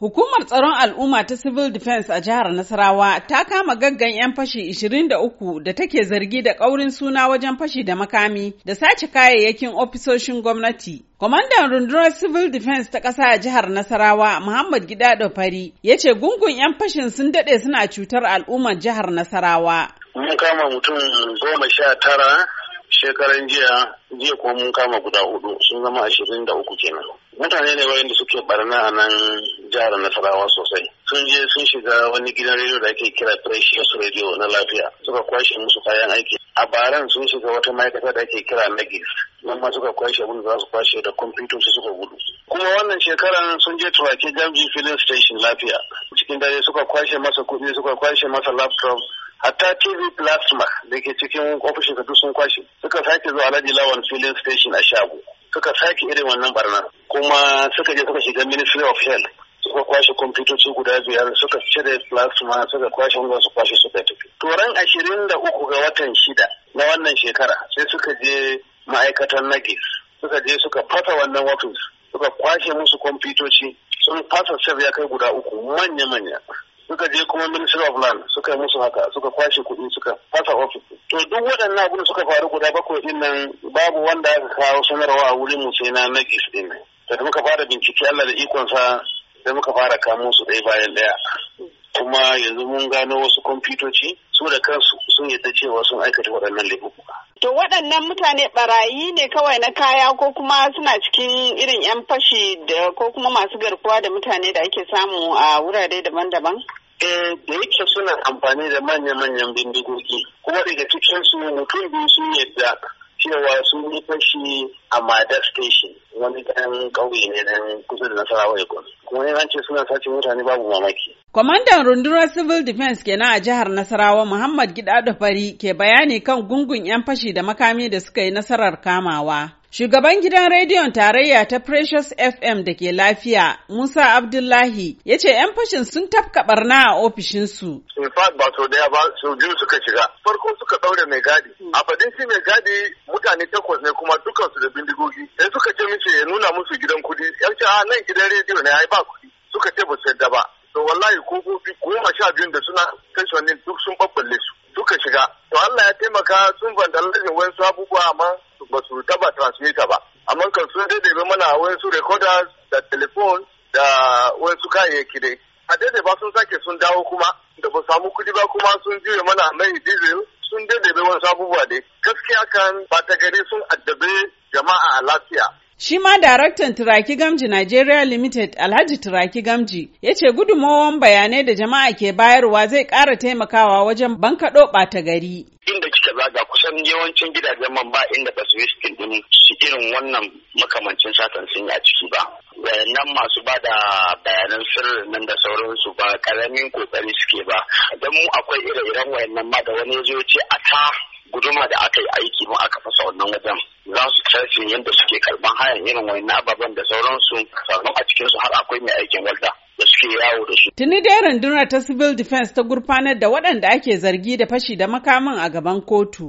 Hukumar tsaron al'umma ta Civil Defense a jihar Nasarawa ta kama gaggan 'yan fashi 23 da take zargi da ƙaurin suna wajen fashi da makami da sace kayayyakin ofisoshin gwamnati. Kwamandan rundunar Civil Defense ta ƙasa a jihar Nasarawa, Muhammad Gidado Fari, ya ce gungun 'yan fashin sun daɗe suna cutar al'ummar jihar Nasarawa. Mun kama mutum goma sha tara shekaran jiya jiya kuma mun kama guda hudu sun zama ashirin da uku kenan mutane ne wayanda suke barna a nan jihar Nasarawa sosai. Sun je sun shiga wani gidan rediyo da ake kira Precious Radio na lafiya suka kwashe musu kayan aiki. A baran sun shiga wata ma'aikata da ake kira nagis Nan ma suka kwashe abin za su kwashe da su suka gudu. Kuma wannan shekaran sun je turake Jamji Filin Station lafiya. Cikin dare suka kwashe masa kuɗi suka kwashe masa laptop hatta TV plasma da ke cikin ofishin ka sun kwashe suka sake zuwa Alhaji Lawan filin station a shago suka sake irin wannan barna kuma suka je suka shiga Ministry of Health suka kwashe kwamfutoci guda biyar suka cire plasma suka kwashe wanda su kwashe suka tafi. Turan ashirin da uku ga watan shida na wannan shekara sai suka je ma'aikatan nagis suka je suka fasa wannan ofis suka kwashe musu kwamfutoci sun fasa sir ya kai guda uku manya-manya. suka je kuma ministry of land suka yi musu haka suka kwashe kuɗi suka fasa ofis to duk waɗannan abin suka faru guda bakwai din nan babu wanda aka kawo sanarwa a wurin mu sai na nagis din da muka fara bincike Allah da ikonsa sai muka fara kamo su ɗaya bayan ɗaya kuma yanzu mun gano wasu kwamfutoci su da kansu sun yadda cewa sun aikata waɗannan laifuka. To waɗannan mutane barayi ne kawai na kaya ko kuma suna cikin irin 'yan fashi da ko kuma masu garkuwa da mutane da ake samu a wurare daban-daban? Eh, da yake suna amfani da manya-manyan bindigogi kuma daga cikinsu mutum biyu sun yadda cewa sun yi fashi a Madar Station wani ɗan ƙauye ne ɗan kusa da Nasarawa Ikon. Kuma an ce suna sace mutane babu mamaki. Kwamandan rundunar Civil Defense kenan a jihar Nasarawa Muhammad Gidado Fari ke bayani kan gungun 'yan fashi da makami da suka yi nasarar kamawa. Shugaban gidan rediyon tarayya ta Precious FM da ke lafiya, Musa Abdullahi, ya ce 'yan fashin sun tafka barna a ofishinsu. In fact ba sau daya ba, sau biyu suka shiga. Farko suka ɗaure mai gadi. A fadin shi mai gadi mutane takwas ne kuma dukansu da bindigogi. Sai suka ce mishi ya nuna musu gidan kudi. Yar ce a ah, nan gidan rediyo ne yi ba kudi. Suka ce ba su yadda ba. To wallahi ko goma sha biyun da suna tashin duk sun babballe su. Suka shiga. To Allah ya taimaka sun vandalizin wasu abubuwa amma ba su taba transmitter ba amma kan sun daidaibe mana wasu recorders da telephone da wasu kayayyaki dai a ba sun sake sun dawo kuma da ba samu kuɗi ba kuma sun juya mana mai diesel sun daidaibe wasu abubuwa dai gaskiya kan ba ta gari sun addabe jama'a a lafiya Shi ma daraktan Turaki Gamji Nigeria Limited Alhaji Turaki Gamji ya ce gudunmawan bayanai da jama'a ke bayarwa zai ƙara taimakawa wajen bankaɗo ɓata gari. Inda kika zaga kusan yawancin gidajen man ba inda ba su yi irin wannan makamancin satan sun yi a ciki ba nan masu ba da bayanan sirrin nan da sauransu ba karamin kokari suke ba don mu akwai ire-iren wayannan ma da wani zo ce a ta guduma da aka yi aiki mu aka fasa wannan wajen za su tarfin yadda suke karban hayan irin wayannan ababen da sauransu sannan a cikinsu har akwai mai aikin walda yawo da Tuni dai rundunar ta civil defense ta gurfanar da waɗanda ake zargi da fashi da makamin a gaban kotu.